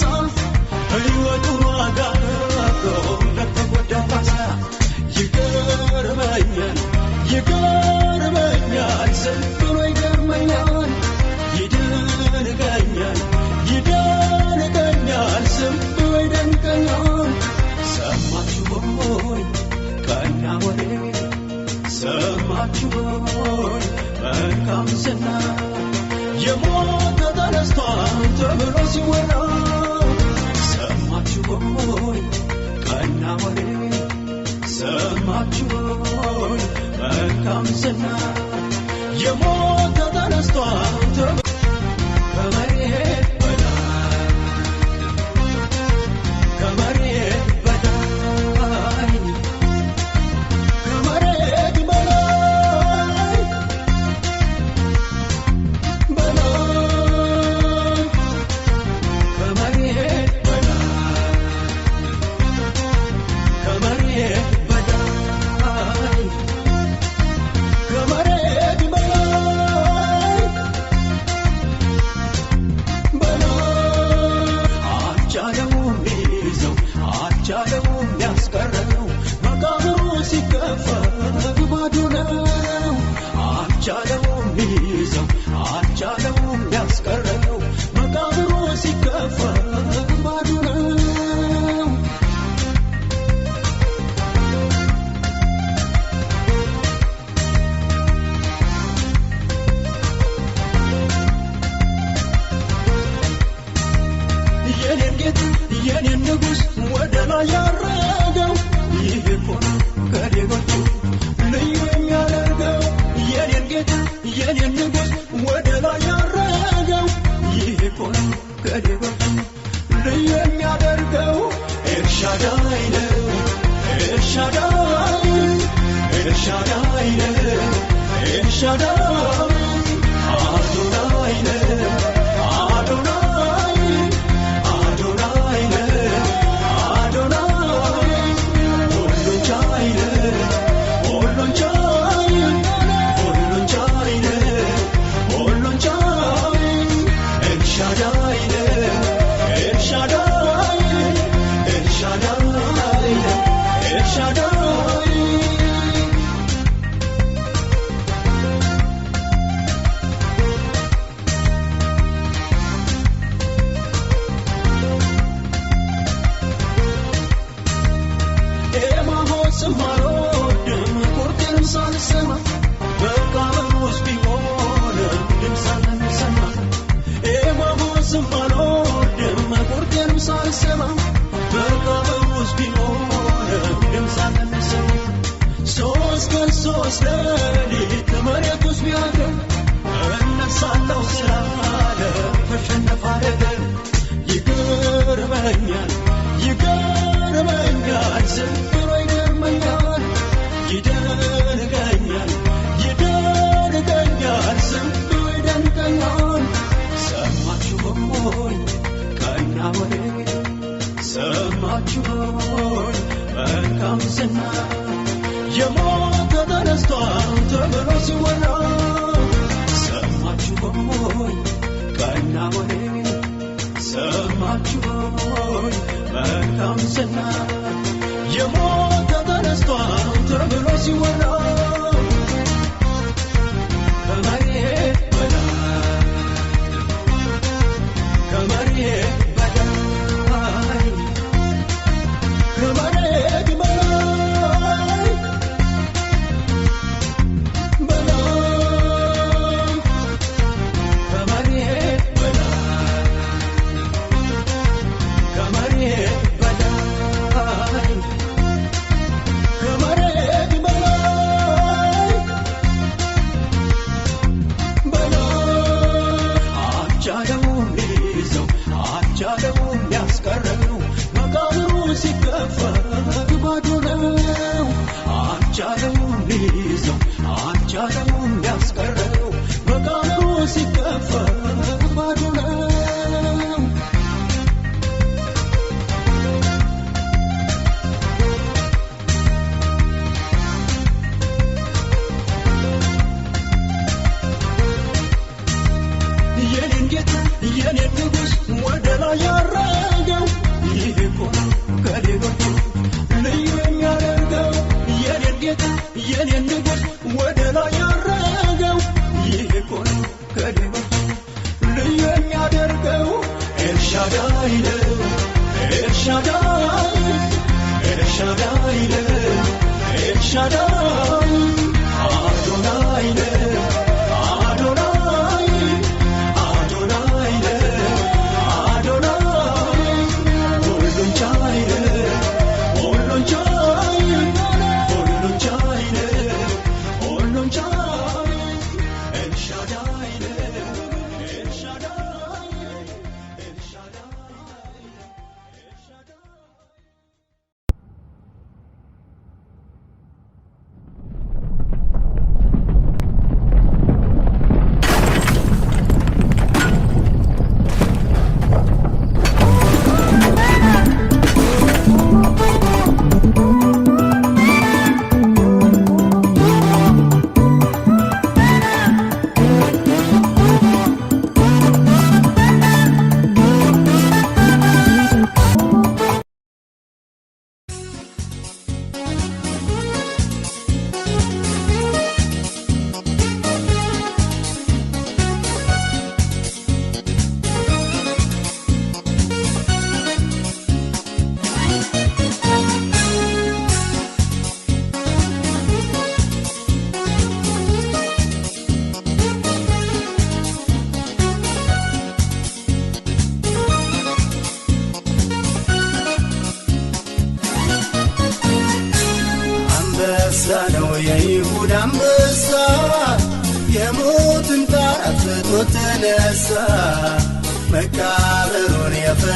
ሳልፍ ሕይወቱ ዋጋ ለተጎዳታ ይገርመኛል ይገርመኛል ዘንድሮ ይገርመኛል ይደንቀኛል ይደንቀኛል ዘንድሮ ይደንቀኛል ሰማችሁ ሆይ መልካም ዝና የሞተ ተነስቷል ተብሎ ሲወራ ሆይ ቀና ወሬ ሰማችሁን መልካም ዝና joy ዘዴዎቹ ሁሉ የሚያደርገው ኤልሻዳይ ነው ኤልሻዳይ ኤልሻዳይ ነው ኤልሻዳይ ሲወራስና የሞተ ተነስቷል ተብሎ ሲወራ ሰማችሁ ሆይ ቀና ሆኔ ሰማችሁ ሆይ መልካም ዝና የሞተ ተነስቷል ተብሎ ሲወራ የኔ ንጉስ ወደ ላይ ያረገው ይህ እኮ ነው ልዩ የሚያደርገው ኤልሻዳይ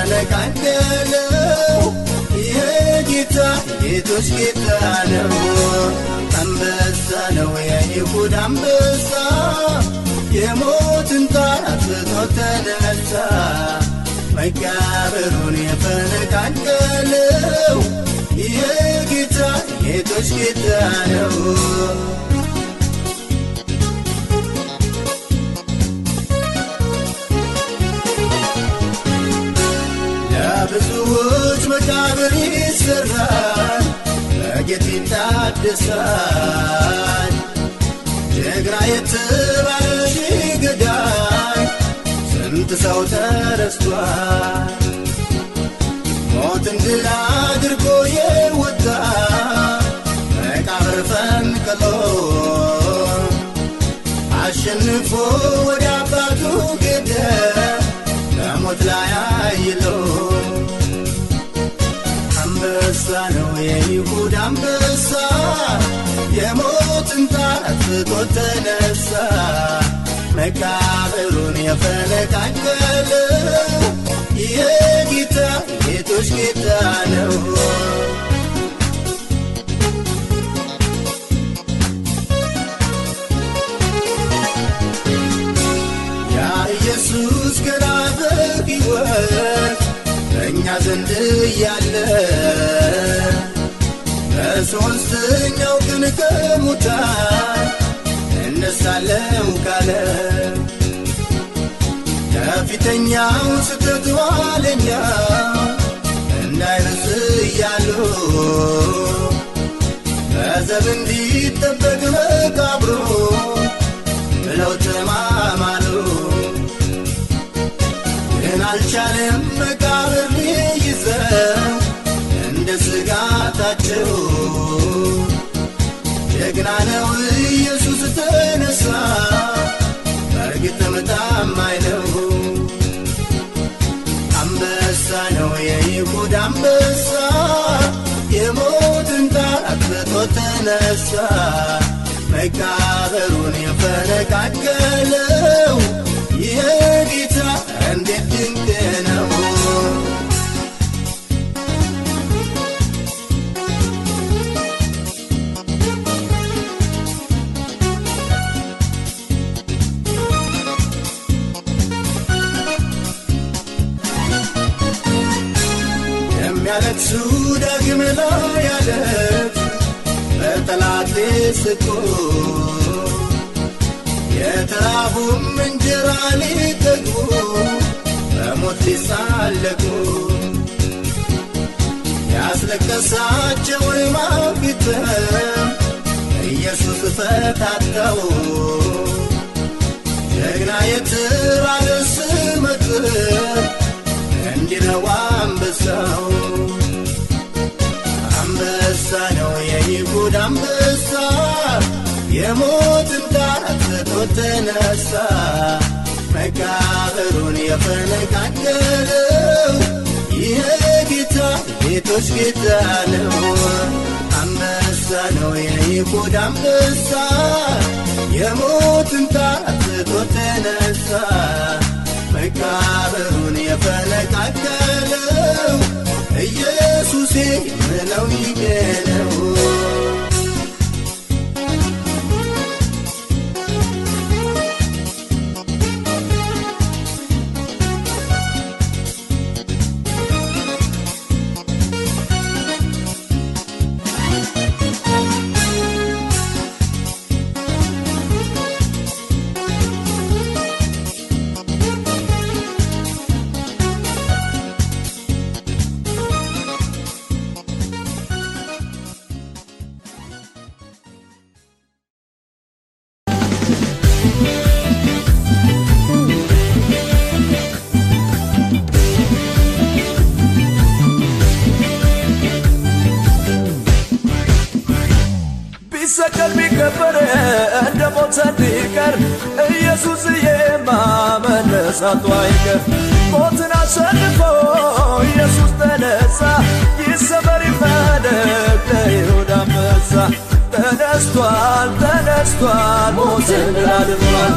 ተነቃቀለው ይሄ ጌታ ጌቶች ጌታ ነው። አንበሳ ነው የይሁዳ አንበሳ የሞትን ጣር አጥፍቶ ተነሳ። መቃብሩን የፈነቃቀለው ይሄ ጌታ ጌቶች ጌታ ነው። መቃብር ይሰራል፣ በጌት ይታደሳል። ጀግና የተባለ ገዳይ ስንት ሰው ተረስቷል። ሞትን ድል አድርጎ የወጣ መቃብር ፈንቅሎ አሸንፎ ወደ አባቱ ገደ ለሞት ላይ አይለው ነው የይሁዳ አንበሳ የሞትን ጣራት ፍቶ ተነሳ መቃብሩን የፈነቃቀለ የጌታ ጌቶች ጌታ ነው ያ ኢየሱስ ገና በሕይወት በእኛ ዘንድ ያ ከሙታን እነሳለው ካለ ከፊተኛው ስተት ኋለኛ እንዳይረስ እያሉ በዘብ እንዲጠበቅ መቃብሩ ብለው ተማማሉ ግን አልቻለም ገና ተነሳ፣ በእርግጥም አንበሳ ነው አንበሳ፣ ተነሳ። መቃብሩን የፈነቃቀለው ስጡ የተራቡም እንጀራ ሊጠግቡ በሞት ሊሳለቁ ያስለቀሳቸውን ኢየሱስ ፈታተው ጀግና ስመት እንዲነው አንበሳው አንበሳ ነው አንበሳ የሞትን ዳራት ዝቶ ተነሳ መቃብሩን የፈነቃገለው ይህ ጌታ ቤቶች ጌታ ነው አንበሳ ነው የይሁዳ አንበሳ የሞትን ዳራት ዝቶ ተነሳ መቃብሩን የፈነቃገለው ኢየሱሴ ምለው ይገለው መስቀል ቢከበር እንደ ሞት እንዲቀር ኢየሱስዬ ማመነሳቱ አይቀር። ሞትን አሸንፎ ኢየሱስ ተነሳ፣ ይሰበር ይፈደግ ለይሁዳ አንበሳ። ተነስቷል ተነስቷል፣ ሞትን ድል አድርጓል።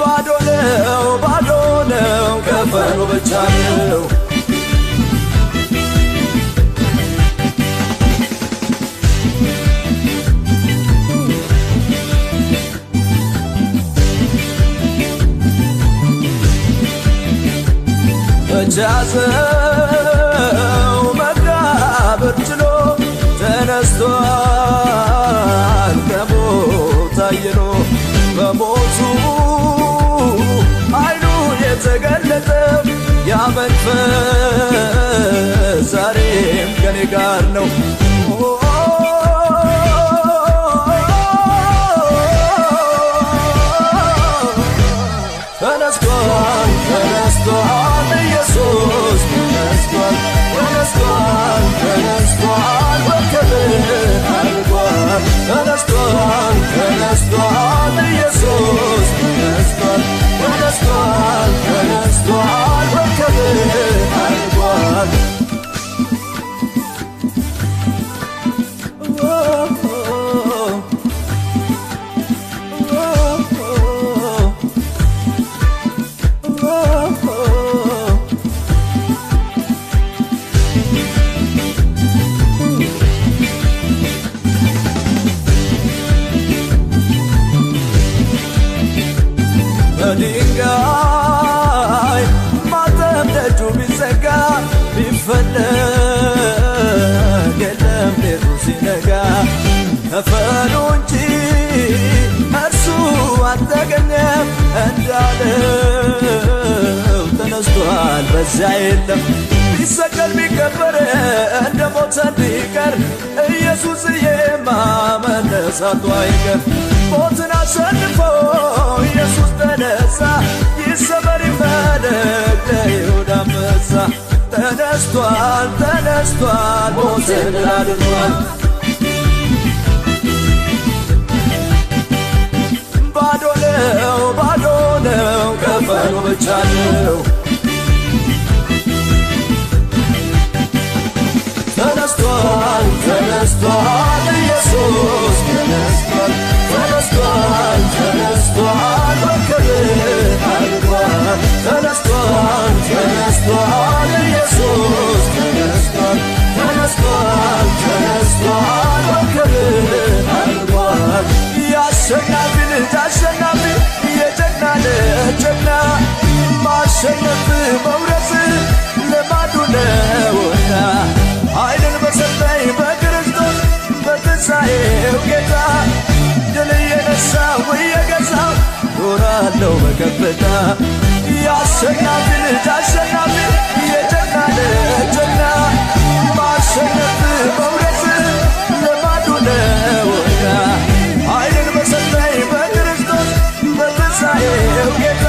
ባዶ ነው ባዶ ነው፣ ከፈኑ ብቻ ነው ዳሰው መቃብር ችሎ ተነስቷል ከሞት አይሎ በሞቱ ኃይሉ የተገለጠ ያ መንፈስ ዛሬም ከኔ ጋር ነው። ተነስቷል ተነስቷል ኢየሱስ ተነስቷል፣ ተነስቷል፣ ተነስቷል፣ በክብር አድጓል። ተነስቷል፣ ተነስቷል፣ ኢየሱስ ተነስቷል፣ ተነስቷል፣ ተነስቷል፣ በክብር አድጓል። በድንጋይ ማተብ ደጁ ቢዘጋ ቢፈለግ የለም ቤቱ ሲነጋ ከፈሉ እንጂ እርሱ አልተገኘም እንዳለው ተነስቷል በዚያ የለም ቢሰቀል ቢቀበር እንደ ሞተ ቢቀር በኢየሱስ የማመነሳቱ አይቀር ሞትን አሸንፎ ኢየሱስ ተነሳ። ይሰበር ይፈለግ ለይሁዳ አንበሳ ተነስቷል፣ ተነስቷል ሞትን አድኗል። ባዶ ነው፣ ባዶ ነው፣ ከፈኑ ብቻ ነው ተነስቷል ኢየሱስ ተነስቷል ተነስቷል ተነስቷል ወክብር አልቋል ተነስቷል ተነስቷል ኢየሱስ ተነስቷል ተነስቷል ተነስቷል ወክብር አልቋል ያሸናፊ ልጅ አሸናፊ የጀግና ልጅ ጀግና ማሸነፍም ከፍታ ያሰናፍል ታሰናፍል የጀና ለጀና ማሸነፍ መውረስ ልማዱ ነውና ኃይልን በሰጠኝ በክርስቶስ በትንሣኤው ጌታ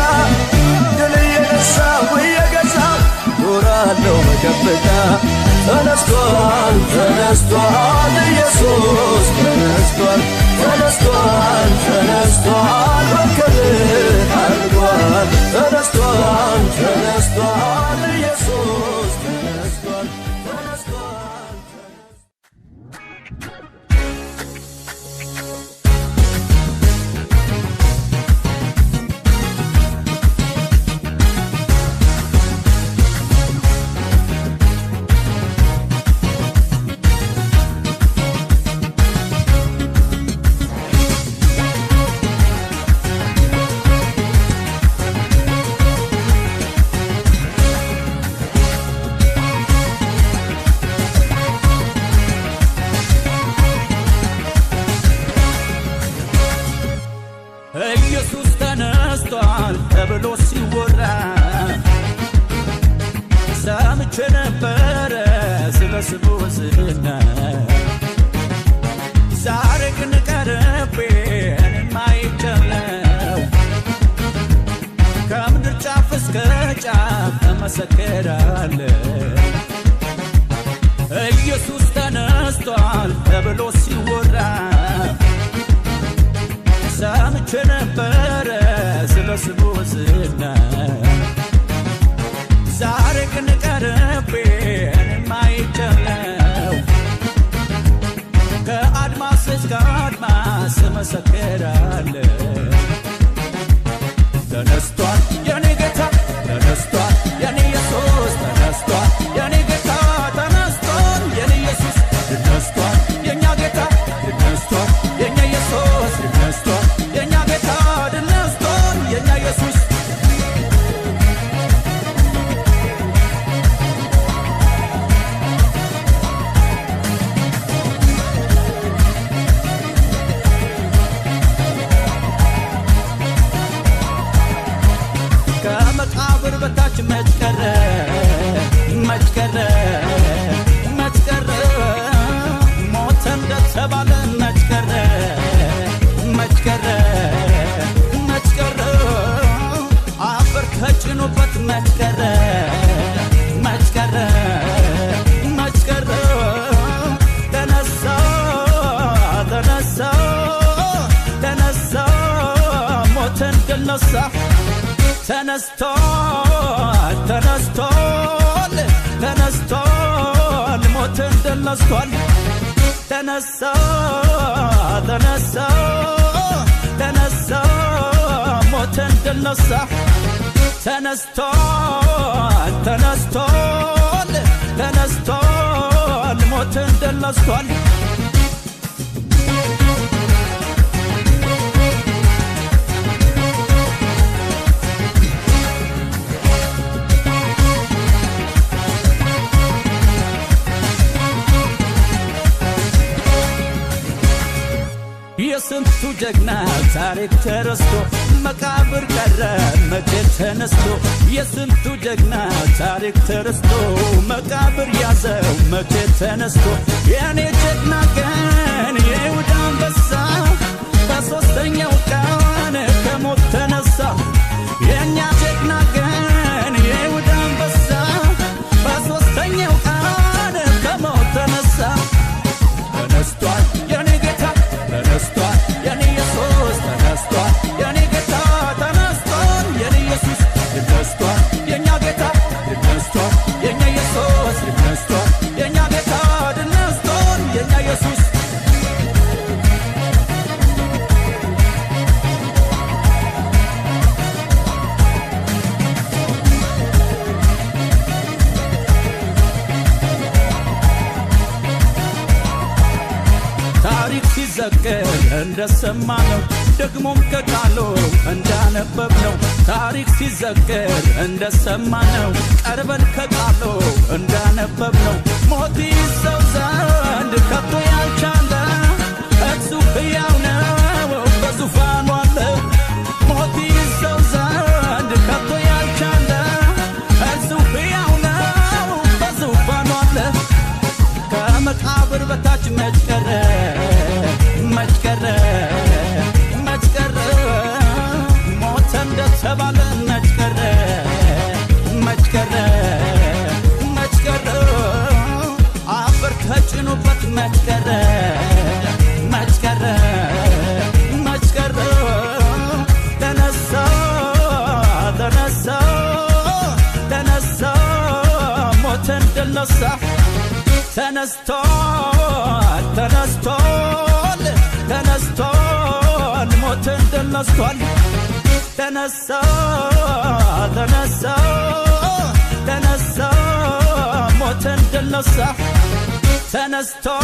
ድል እየነሳሁ እየገዛሁ ኖራለሁ በከፍታ ተነስቷል ተነስቷል ኢየሱስ ተነስቷል ተነስቷል ተነስቷል ሰምቼ ነበረ ስበስቦ ስድነ ዛሬ ግን ቀርቤ እኔም ከምድር ጫፍ እስከ ጫፍ እመሰክራለሁ ኢየሱስ ተነስቷል ተብሎ ሲወራ masakerale. ما تكرر ما تكرر ما تكرر تنسى تنسى تنسى موت القلصة تنستول تنستول تنستول تنسى تنسى تنسى موت القلصة ተነስቷል ተነስቷል ተነስቷል ሞትን ደለስቷል የወቅቱ ጀግና ታሪክ ተረስቶ መቃብር ቀረ መቼ ተነስቶ የስንቱ ጀግና ታሪክ ተረስቶ መቃብር ያዘው መቼ ተነስቶ የኔ ጀግና ቀን የይሁዳ አንበሳ በሦስተኛው ቀን ከሞት ተነሳ የእኛ ጀግና ቀን የይሁዳ አንበሳ በሦስተኛው ቀን ከሞት ተነሳ ተነስቷል Stop. ደግሞም እንዳነበብ ነው ታሪክ ሲዘገር እንደሰማነው ቀርበን ከቃሎ እንዳነበብ ነው። ተነስቷል ተነስቷል ተነስቷል ሞትን ድል ነስቷል ተነሳ ተነሳ ተነሳ ሞትን ድል ነሳ ተነስቷል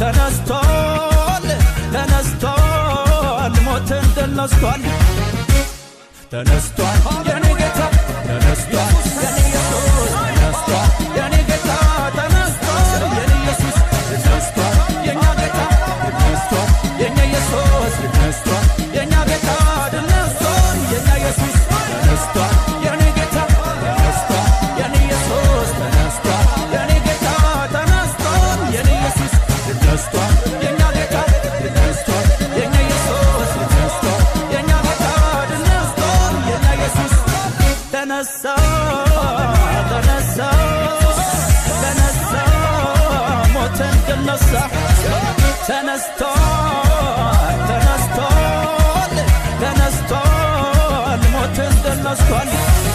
ተነስቷል ተነስቷል ሞትን ድል ነስቷል ተነስቷል የኔ ጌታ ተነስቷል የኔ ኢየሱስ ተነስቷል የኔ ጌታ ኢየሱስ ተነስቷል። የእኛ ጌታ ተነስቷል። የእኛ ኢየሱስ ተነስቷል። የኔ ጌታ ተነስቷል። የኔ ኢየሱስ ተነስቷል። የኔ ጌታ ተነስቷል። የኔ ኢየሱስ ተነስቷል። የእኛ ጌታ ተነስቷል። የእኛ ኢየሱስ ተነስቷል። የእኛ ጌታ ተነስቷል። የእኛ ኢየሱስ ተነሳ ተነሳ 团